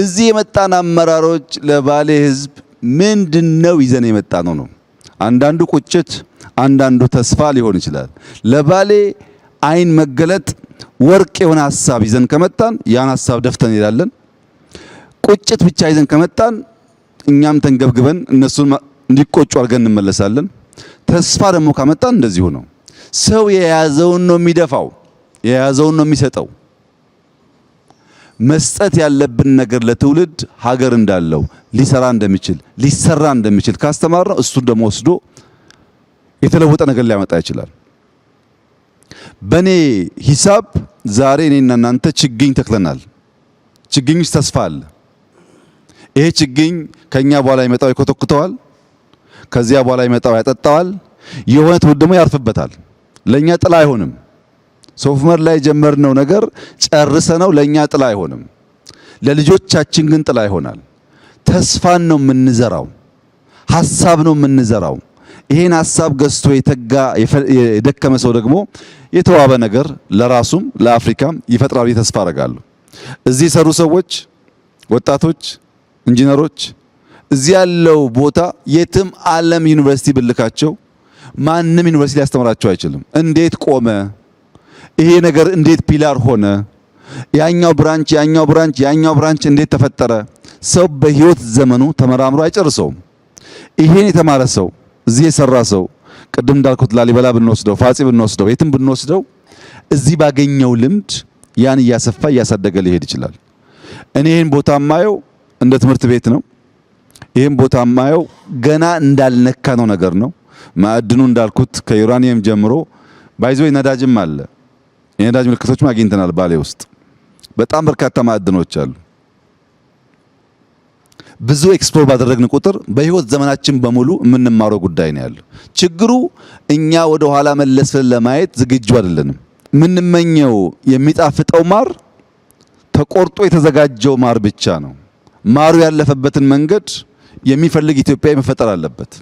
እዚህ የመጣን አመራሮች ለባሌ ህዝብ ምንድነው ይዘን የመጣ ነው ነው። አንዳንዱ ቁጭት፣ አንዳንዱ ተስፋ ሊሆን ይችላል። ለባሌ አይን መገለጥ ወርቅ የሆነ ሀሳብ ይዘን ከመጣን ያን ሀሳብ ደፍተን እንሄዳለን። ቁጭት ብቻ ይዘን ከመጣን እኛም ተንገብግበን እነሱን እንዲቆጩ አድርገን እንመለሳለን። ተስፋ ደግሞ ካመጣን እንደዚሁ ነው። ሰው የያዘውን ነው የሚደፋው፣ የያዘውን ነው የሚሰጠው። መስጠት ያለብን ነገር ለትውልድ ሀገር እንዳለው ሊሰራ እንደሚችል ሊሰራ እንደሚችል ካስተማር ነው እሱን ደሞ ወስዶ የተለወጠ ነገር ሊያመጣ ይችላል። በኔ ሂሳብ ዛሬ እኔና እናንተ ችግኝ ተክለናል። ችግኝ ውስጥ ተስፋ አለ። ይሄ ችግኝ ከኛ በኋላ ይመጣው ይኮተኩተዋል፣ ከዚያ በኋላ ይመጣው ያጠጣዋል፣ የሆነ ትውልድ ደግሞ ያርፍበታል። ለኛ ጥላ አይሆንም። ሶፍመር ላይ የጀመርነው ነገር ጨርሰነው ለእኛ ጥላ አይሆንም፣ ለልጆቻችን ግን ጥላ ይሆናል። ተስፋን ነው የምንዘራው፣ ሀሳብ ነው የምንዘራው። ይሄን ሀሳብ ገዝቶ የተጋ የደከመ ሰው ደግሞ የተዋበ ነገር ለራሱም ለአፍሪካም ይፈጥራል። ተስፋ አደርጋለሁ። እዚህ የሰሩ ሰዎች፣ ወጣቶች፣ ኢንጂነሮች እዚህ ያለው ቦታ የትም ዓለም ዩኒቨርሲቲ ብልካቸው ማንም ዩኒቨርሲቲ ሊያስተምራቸው አይችልም። እንዴት ቆመ ይሄ ነገር እንዴት ፒላር ሆነ? ያኛው ብራንች ያኛው ብራንች ያኛው ብራንች እንዴት ተፈጠረ? ሰው በህይወት ዘመኑ ተመራምሮ አይጨርሰውም። ይሄን የተማረ ሰው እዚህ የሰራ ሰው ቅድም እንዳልኩት ላሊበላ ብንወስደው፣ ፋጺ ብንወስደው፣ የትም ብንወስደው እዚህ ባገኘው ልምድ ያን እያሰፋ እያሳደገ ሊሄድ ይችላል። እኔ ይህን ቦታ ማየው እንደ ትምህርት ቤት ነው። ይህን ቦታ ማየው ገና እንዳልነካ ነው ነገር ነው። ማዕድኑ እንዳልኩት ከዩራኒየም ጀምሮ ባይዞ ነዳጅም አለ የነዳጅ ምልክቶችም አግኝተናል። ባሌ ውስጥ በጣም በርካታ ማዕድኖች አሉ። ብዙ ኤክስፕሎር ባደረግን ቁጥር በህይወት ዘመናችን በሙሉ የምንማረው ጉዳይ ነው ያለው። ችግሩ እኛ ወደ ኋላ መለስ ለማየት ዝግጁ አይደለንም። የምንመኘው የሚጣፍጠው ማር ተቆርጦ የተዘጋጀው ማር ብቻ ነው። ማሩ ያለፈበትን መንገድ የሚፈልግ ኢትዮጵያዊ መፈጠር አለበት።